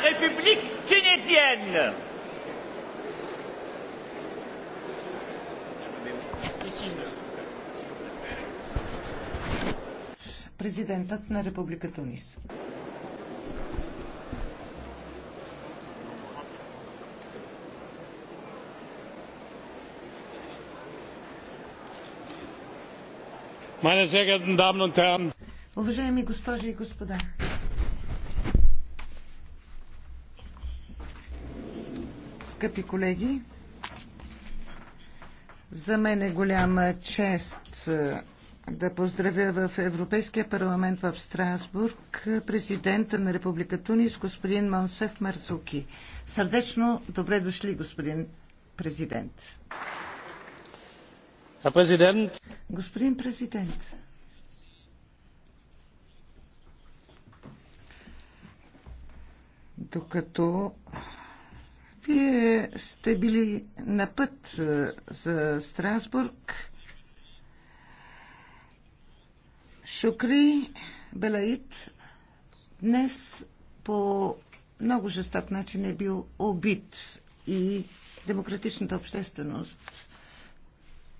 la République tunisienne. Президентът на Република Тунис. Meine sehr geehrten Damen und Herren, Уважаеми госпожи и господа, Скъпи колеги, за мен е голяма чест да поздравя в Европейския парламент в Страсбург президента на Република Тунис, господин Монсеф Марзуки. Сърдечно добре дошли, господин президент. президент. Господин президент, докато вие сте били на път е, за Страсбург. Шукри Белаид днес по много жесток начин е бил убит и демократичната общественост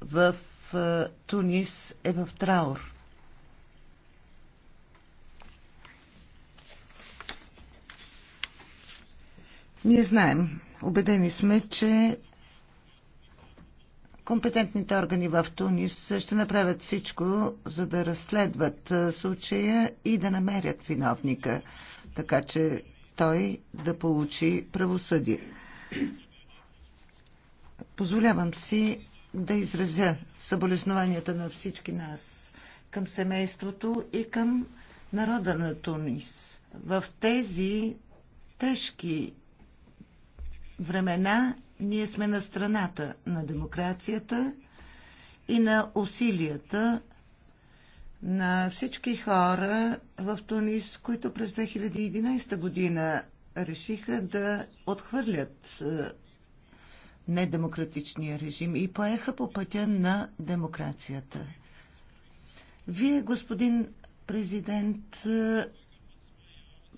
в е, Тунис е в траур. Ние знаем, Обедени сме, че компетентните органи в Тунис ще направят всичко, за да разследват случая и да намерят виновника, така че той да получи правосъдие. Позволявам си да изразя съболезнованията на всички нас към семейството и към народа на Тунис. В тези тежки времена ние сме на страната на демокрацията и на усилията на всички хора в Тунис, които през 2011 година решиха да отхвърлят е, недемократичния режим и поеха по пътя на демокрацията. Вие, господин президент, е,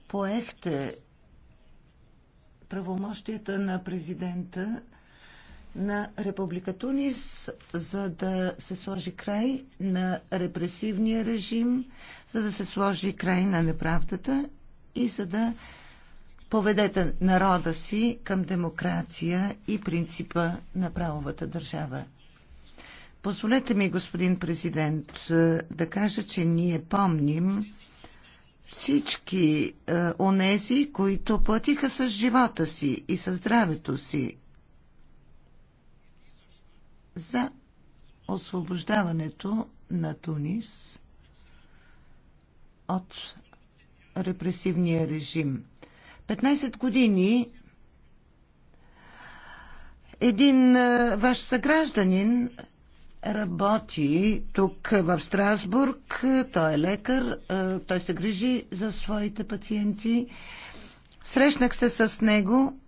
поехте правомощията на президента на Република Тунис, за да се сложи край на репресивния режим, за да се сложи край на неправдата и за да поведете народа си към демокрация и принципа на правовата държава. Позволете ми, господин президент, да кажа, че ние помним всички е, онези, които платиха с живота си и със здравето си за освобождаването на Тунис от репресивния режим. 15 години един е, ваш съгражданин работи тук в Страсбург. Той е лекар, е, той се грижи за своите пациенти. Срещнах се с него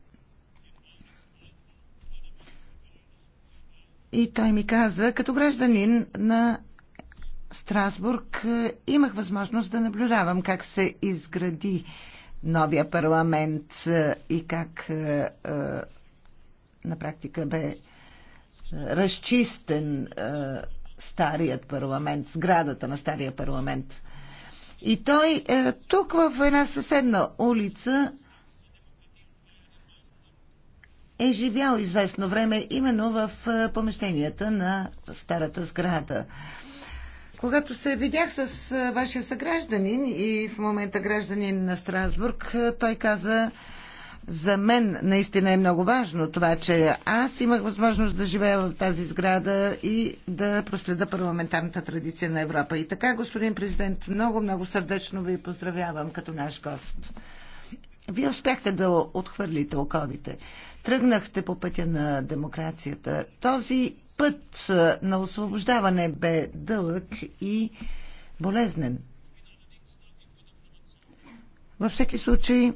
и той ми каза, като гражданин на Страсбург е, имах възможност да наблюдавам как се изгради новия парламент е, и как на практика бе разчистен старият парламент, сградата на стария парламент. И той а, е, тук в една съседна улица е живял известно време именно в помещенията на старата сграда. Когато се видях с вашия съгражданин и в момента гражданин на Страсбург, той каза, за мен наистина е много важно това, че аз имах възможност да живея в тази сграда и да проследа парламентарната традиция на Европа. И така, господин президент, много-много сърдечно ви поздравявам като наш гост. Вие успяхте да отхвърлите оковите. Тръгнахте по пътя на демокрацията. Този път на освобождаване бе дълъг и болезнен. Във всеки случай,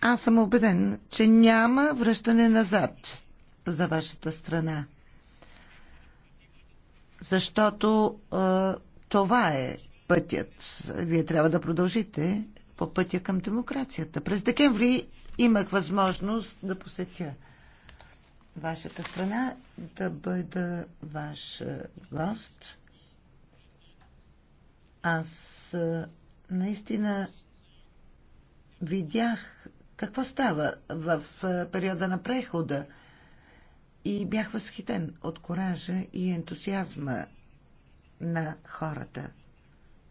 аз съм убеден, че няма връщане назад за вашата страна. Защото а, това е пътят. Вие трябва да продължите по пътя към демокрацията. През декември имах възможност да посетя вашата страна, да бъда ваш гост. Аз наистина видях какво става в периода на прехода. И бях възхитен от коража и ентусиазма на хората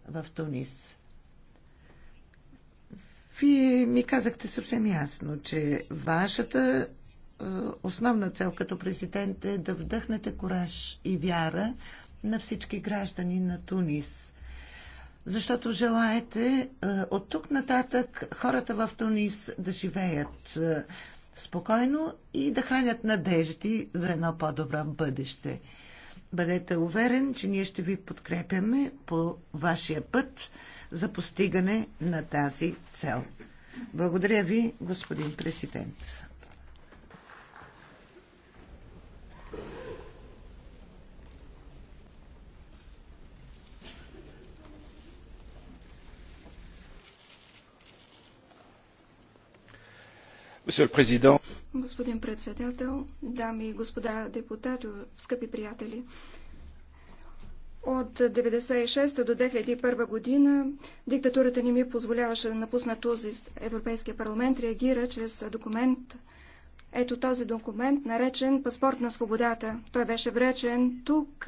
в Тунис. Вие ми казахте съвсем ясно, че вашата основна цел като президент е да вдъхнете кораж и вяра на всички граждани на Тунис защото желаете е, от тук нататък хората в Тунис да живеят е, спокойно и да хранят надежди за едно по-добро бъдеще. Бъдете уверен, че ние ще ви подкрепяме по вашия път за постигане на тази цел. Благодаря ви, господин президент. Господин председател, дами и господа депутати, скъпи приятели, от 1996 до 2001 година диктатурата не ми позволяваше да напусна този Европейския парламент, реагира чрез документ, ето този документ, наречен Паспорт на свободата. Той беше вречен тук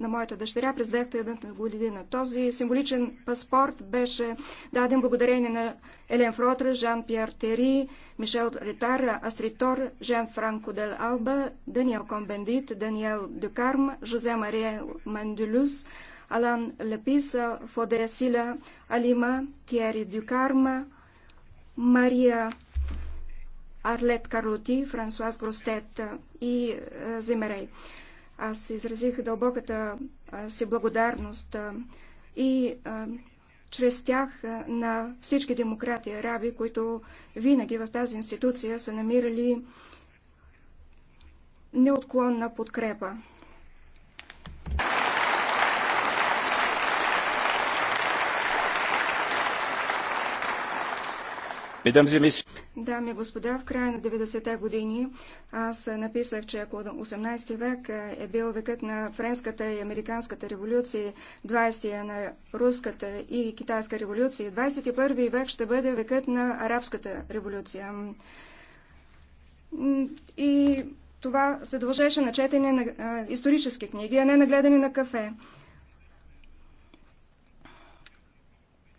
на моята дъщеря през 2001 година. Този символичен паспорт беше даден благодарение на Елен Фротра, Жан Пьер Тери, Мишел Ритар, Астритор, Жан Франко Дел Алба, Даниел Комбендит, Даниел Дюкарм, Жозе Мария Манделюс, Алан Лепис, Фодея Силя, Алима, Тиери Дюкарма, Мария Арлет Карлоти, Франсуаз Гростет и Земерей. Аз изразих дълбоката си благодарност и чрез тях на всички демократи араби, които винаги в тази институция са намирали неотклонна подкрепа. Mesdames et messieurs, Дами и господа, в края на 90-те години аз написах, че ако 18 век е бил векът на Френската и Американската революция, 20-я на Руската и Китайска революция, 21 век ще бъде векът на Арабската революция. И това се дължеше на четене на исторически книги, а не на гледане на кафе.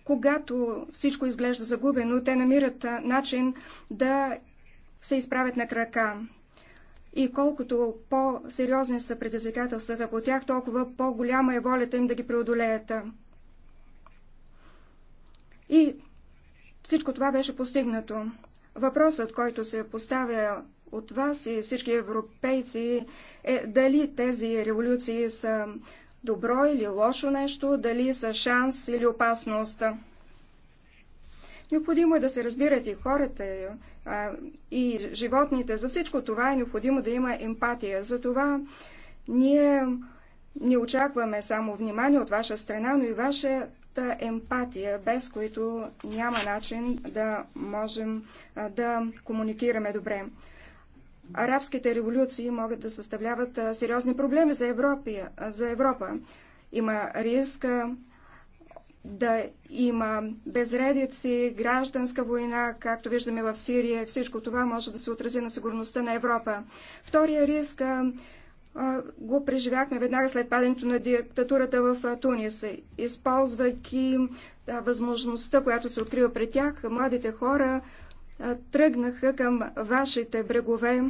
Когато всичко изглежда загубено, те намират начин да се изправят на крака. И колкото по-сериозни са предизвикателствата по тях, толкова по-голяма е волята им да ги преодолеят. И всичко това беше постигнато. Въпросът, който се поставя от вас и всички европейци е дали тези революции са добро или лошо нещо, дали са шанс или опасност. Необходимо е да се разбират и хората, и животните. За всичко това е необходимо да има емпатия. Затова ние не очакваме само внимание от ваша страна, но и вашата емпатия, без които няма начин да можем да комуникираме добре арабските революции могат да съставляват сериозни проблеми за, Европа. за Европа. Има риск да има безредици, гражданска война, както виждаме в Сирия. Всичко това може да се отрази на сигурността на Европа. Втория риск го преживяхме веднага след падането на диктатурата в Тунис. Използвайки възможността, която се открива пред тях, младите хора тръгнаха към вашите брегове,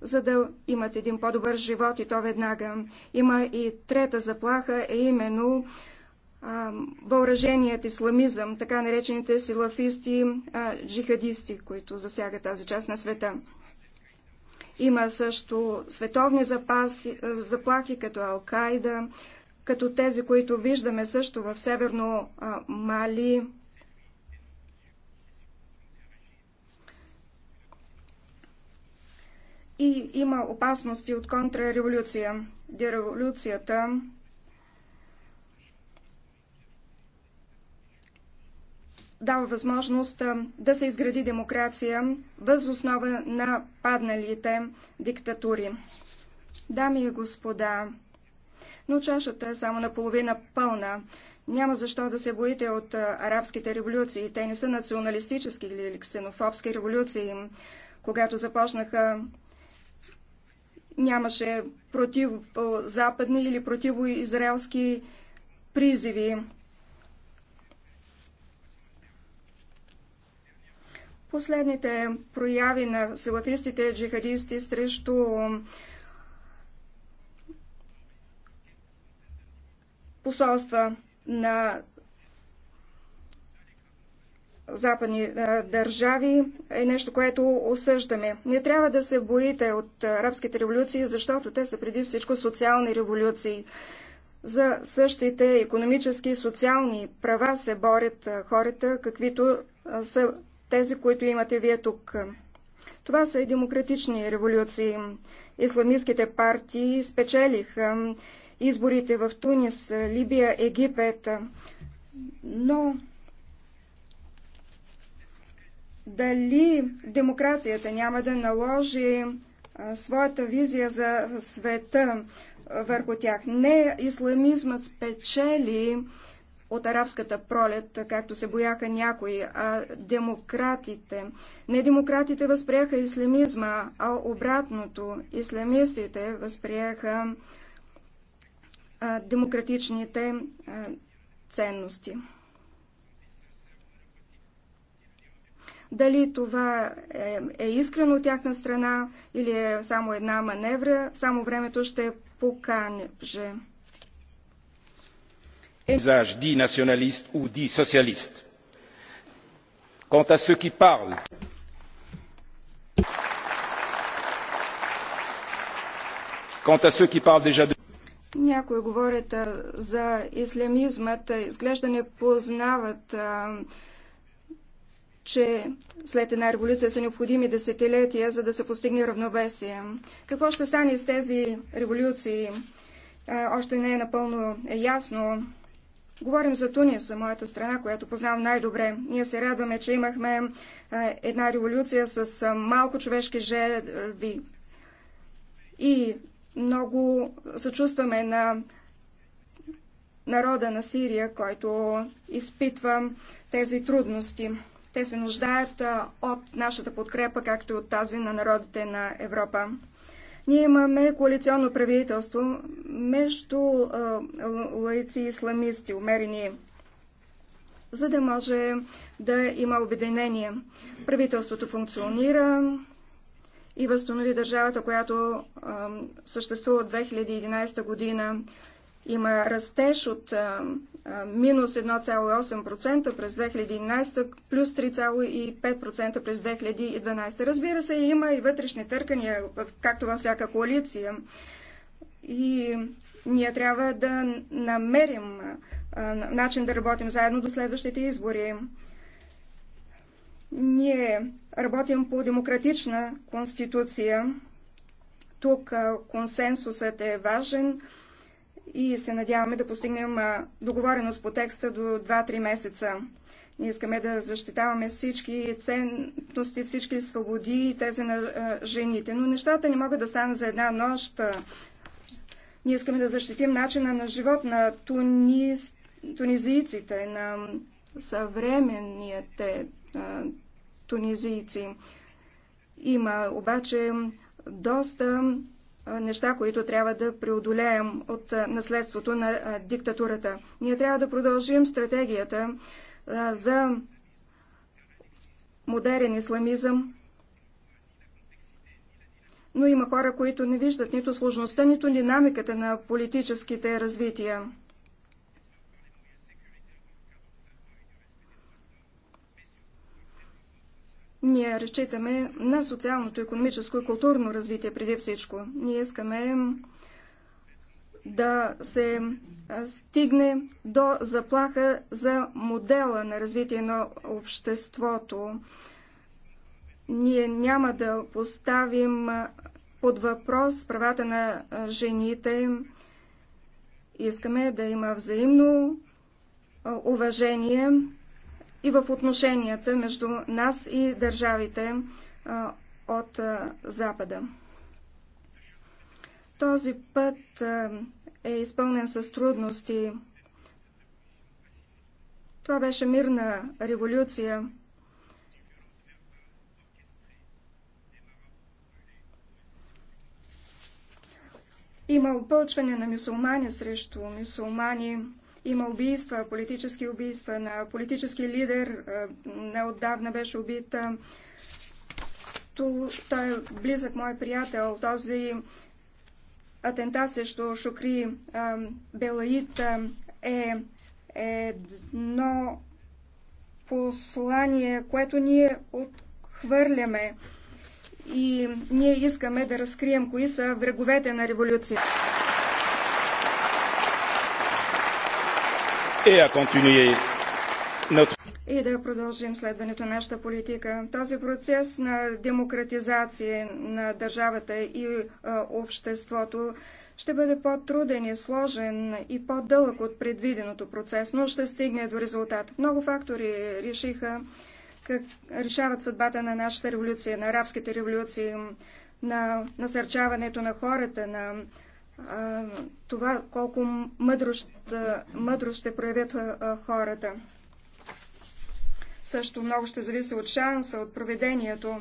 за да имат един по-добър живот и то веднага. Има и трета заплаха, е именно въоръженият исламизъм, така наречените силафисти, джихадисти, които засягат тази част на света. Има също световни запаси, заплахи, като Алкайда, като тези, които виждаме също в Северно Мали, и има опасности от контрреволюция. Дереволюцията дава възможност да се изгради демокрация въз основа на падналите диктатури. Дами и господа, но чашата е само наполовина пълна. Няма защо да се боите от арабските революции. Те не са националистически или ксенофобски революции. Когато започнаха нямаше противозападни или противоизраелски призиви. Последните прояви на салафистите джихадисти срещу посолства на западни е, държави е нещо, което осъждаме. Не трябва да се боите от арабските революции, защото те са преди всичко социални революции. За същите економически и социални права се борят е, хората, каквито е, са тези, които имате вие тук. Това са и демократични революции. Исламистските партии спечелиха изборите в Тунис, Либия, Египет. Но дали демокрацията няма да наложи своята визия за света върху тях. Не исламизмът спечели от арабската пролет, както се бояха някои, а демократите. Не демократите възприеха исламизма, а обратното. исламистите възприеха демократичните ценности. Дали това е, е искрено от тяхна страна или е само една маневра, само времето ще покаже. Quant à ceux qui parlent, Quant à ceux qui parlent déjà de... Някои говорят а, за ислямизмът, изглежда не познават а, че след една революция са необходими десетилетия, за да се постигне равновесие. Какво ще стане с тези революции? Още не е напълно е ясно. Говорим за Тунис, за моята страна, която познавам най-добре. Ние се радваме, че имахме една революция с малко човешки жертви. И много съчувстваме на народа на Сирия, който изпитва тези трудности. Те се нуждаят от нашата подкрепа, както и от тази на народите на Европа. Ние имаме коалиционно правителство между лаици и исламисти, умерени, за да може да има обединение. Правителството функционира и възстанови държавата, която съществува от 2011 година. Има растеж от минус 1,8% през 2011, плюс 3,5% през 2012. Разбира се, има и вътрешни търкания, както във всяка коалиция. И ние трябва да намерим начин да работим заедно до следващите избори. Ние работим по демократична конституция. Тук консенсусът е важен и се надяваме да постигнем договореност по текста до 2-3 месеца. Ние искаме да защитаваме всички ценности, всички свободи и тези на жените. Но нещата не могат да станат за една нощ. Ние искаме да защитим начина на живот на тунис, тунизийците, на съвременните тунизийци. Има обаче доста неща, които трябва да преодолеем от наследството на диктатурата. Ние трябва да продължим стратегията за модерен исламизъм, но има хора, които не виждат нито сложността, нито динамиката на политическите развития. Ние разчитаме на социалното, економическо и културно развитие преди всичко. Ние искаме да се стигне до заплаха за модела на развитие на обществото. Ние няма да поставим под въпрос правата на жените. Искаме да има взаимно уважение и в отношенията между нас и държавите от Запада. Този път е изпълнен с трудности. Това беше мирна революция. Има опълчване на мисулмани срещу мусулмани. Има убийства, политически убийства на политически лидер. Неотдавна беше убит. Той е близък мой приятел. Този атентат срещу Шукри Белаит е едно послание, което ние отхвърляме и ние искаме да разкрием кои са враговете на революцията. et à continuer и да продължим следването на нашата политика. Този процес на демократизация на държавата и а, е, обществото ще бъде по-труден и сложен и по-дълъг от предвиденото процес, но ще стигне до резултат. Много фактори решиха как решават съдбата на нашата революция, на арабските революции, на насърчаването на хората, на това колко мъдрост ще, ще проявят хората. Също много ще зависи от шанса, от проведението.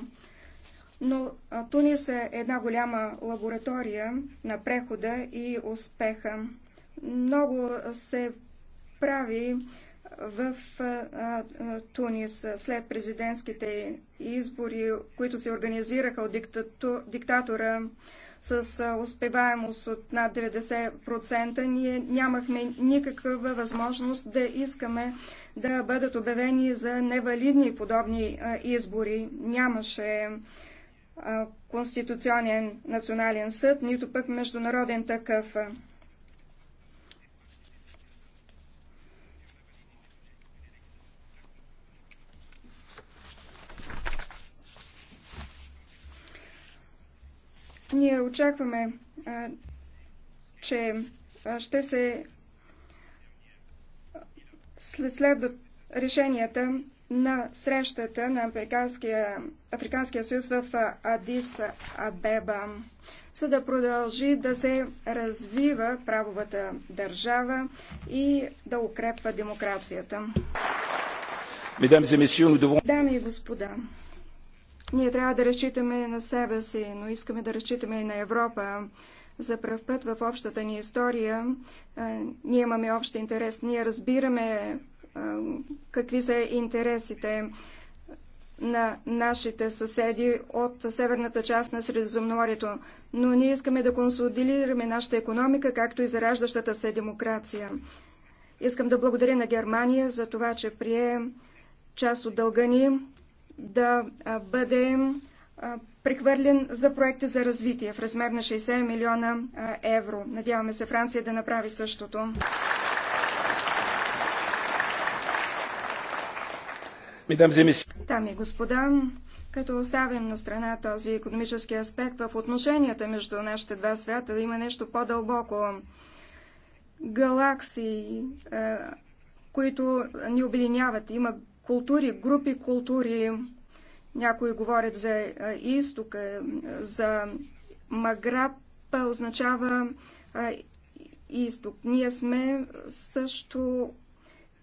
Но Тунис е една голяма лаборатория на прехода и успеха. Много се прави в Тунис след президентските избори, които се организираха от диктатора с успеваемост от над 90%, ние нямахме никаква възможност да искаме да бъдат обявени за невалидни подобни избори. Нямаше Конституционен национален съд, нито пък международен такъв. Ние очакваме, че ще се следват решенията на срещата на Африканския, Африканския съюз в Адис Абеба, за да продължи да се развива правовата държава и да укрепва демокрацията. Дами и господа, ние трябва да разчитаме на себе си, но искаме да разчитаме и на Европа. За пръв път в общата ни история ние имаме общ интерес. Ние разбираме какви са интересите на нашите съседи от северната част на Средиземноморието, но ние искаме да консолидираме нашата економика, както и зараждащата се демокрация. Искам да благодаря на Германия за това, че прие част от дълга ни да бъде прехвърлен за проекти за развитие в размер на 60 милиона евро. Надяваме се Франция да направи същото. Дами и господа, като оставим на страна този економически аспект в отношенията между нашите два свята, има нещо по-дълбоко. Галаксии, които ни обединяват. Има култури, групи култури. Някои говорят за изтока, за Маграб означава изток. Ние сме също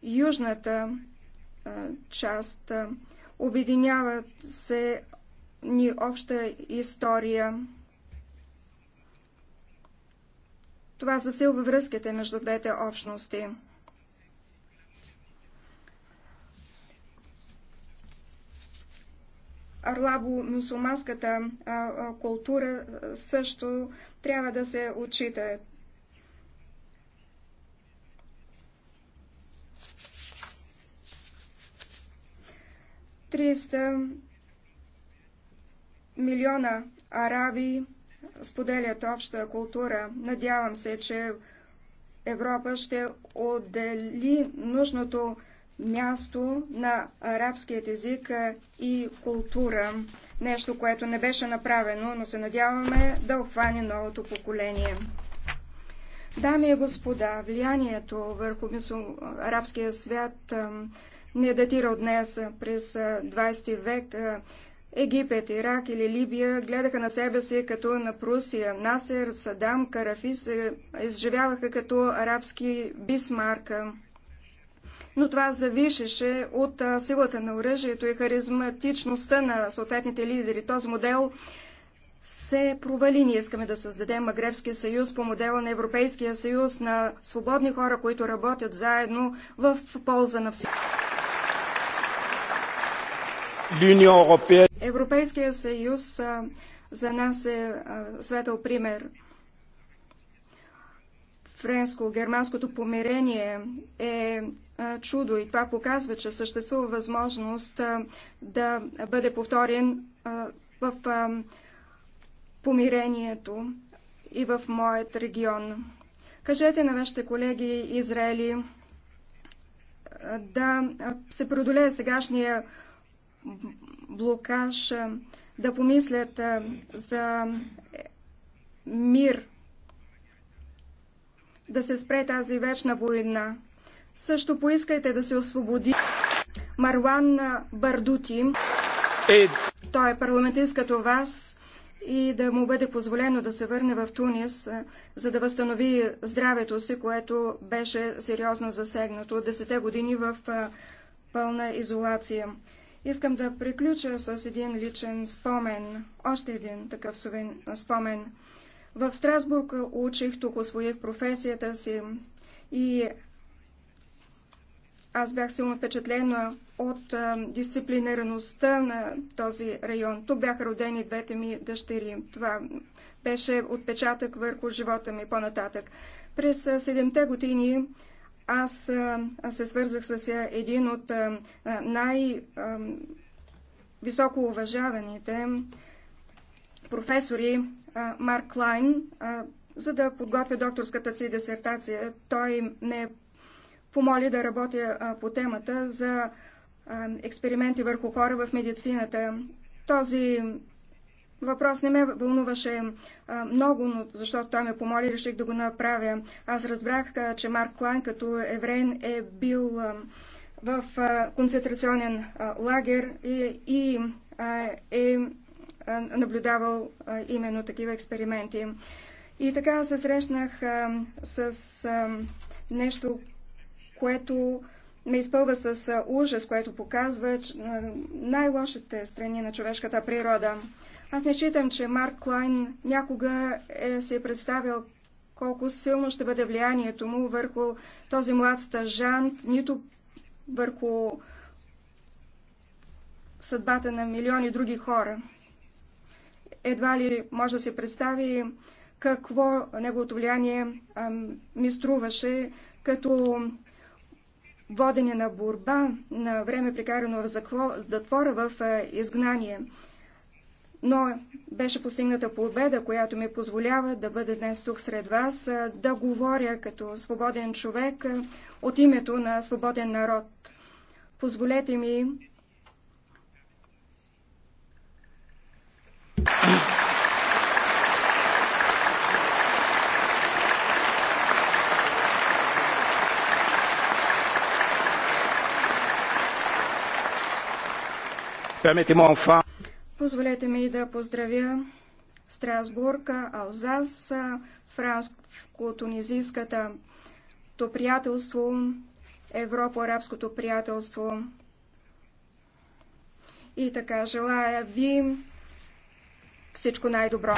южната част. Обединяват се ни обща история. Това засилва връзките между двете общности. арлабо-мусулманската култура също трябва да се отчита. Триста милиона араби споделят обща култура. Надявам се, че Европа ще отдели нужното място на арабският език и култура. Нещо, което не беше направено, но се надяваме да обхване новото поколение. Дами и господа, влиянието върху арабския свят не датира от днес. През 20 век Египет, Ирак или Либия гледаха на себе си като на Прусия. Насер, Садам, Карафис изживяваха като арабски бисмарка но това завишеше от силата на оръжието и харизматичността на съответните лидери. Този модел се провали. Ние искаме да създадем Магребския съюз по модела на Европейския съюз на свободни хора, които работят заедно в полза на всички. Европейския съюз за нас е светъл пример френско-германското помирение е чудо и това показва, че съществува възможност да бъде повторен в помирението и в моят регион. Кажете на вашите колеги Израели да се преодолее сегашния блокаж, да помислят за мир да се спре тази вечна война. Също поискайте да се освободи Марван Бардути. Е. Той е парламентист като вас и да му бъде позволено да се върне в Тунис, за да възстанови здравето си, което беше сериозно засегнато от десете години в пълна изолация. Искам да приключа с един личен спомен, още един такъв спомен. В Страсбург учих, тук освоих професията си и аз бях силно впечатлена от дисциплинираността на този район. Тук бяха родени двете ми дъщери. Това беше отпечатък върху живота ми по-нататък. През седемте те години аз се свързах с един от най- високо уважаваните професори Марк Клайн, за да подготвя докторската си дисертация. Той ме помоли да работя по темата за експерименти върху хора в медицината. Този въпрос не ме вълнуваше много, но защото той ме помоли, реших да го направя. Аз разбрах, че Марк Клайн като еврейн е бил в концентрационен лагер и е наблюдавал именно такива експерименти. И така се срещнах с нещо, което ме изпълва с ужас, което показва най-лошите страни на човешката природа. Аз не считам, че Марк Клайн някога е се е представил колко силно ще бъде влиянието му върху този млад стажант, нито върху съдбата на милиони други хора едва ли може да се представи какво неговото влияние ми струваше като водене на борба на време прекарано в затвора в изгнание. Но беше постигната победа, която ми позволява да бъда днес тук сред вас, да говоря като свободен човек от името на свободен народ. Позволете ми Позволете ми да поздравя Страсбург, Алзас, Франско-Тунизийската то приятелство, Европа-арабското приятелство. И така, желая ви всичко най-добро.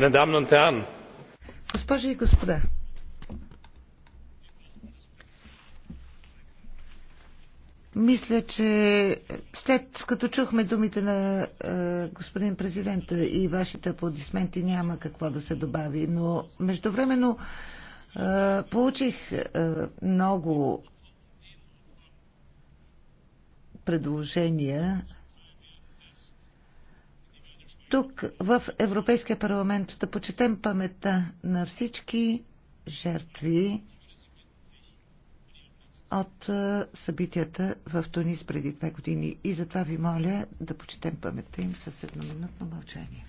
Meine Damen und Herren! Госпожи и господа! Мисля, че след като чухме думите на е, господин президента и вашите аплодисменти няма какво да се добави, но междувременно е, получих е, много предложения тук в Европейския парламент да почетем паметта на всички жертви от е, събитията в Тунис преди две години. И затова ви моля да почетем паметта им с едноминутно мълчание.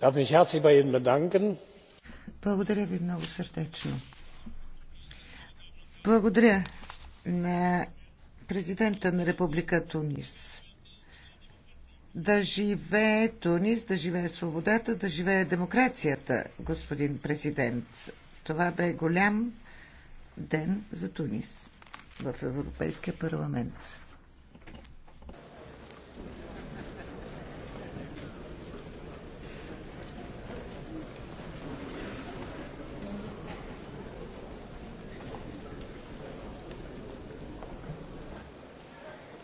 Darf mich herzlich bei Ihnen bedanken. Благодаря ви много сърдечно. Благодаря на президента на Република Тунис. Да живее Тунис, да живее свободата, да живее демокрацията, господин президент. Това бе голям ден за Тунис в Европейския парламент.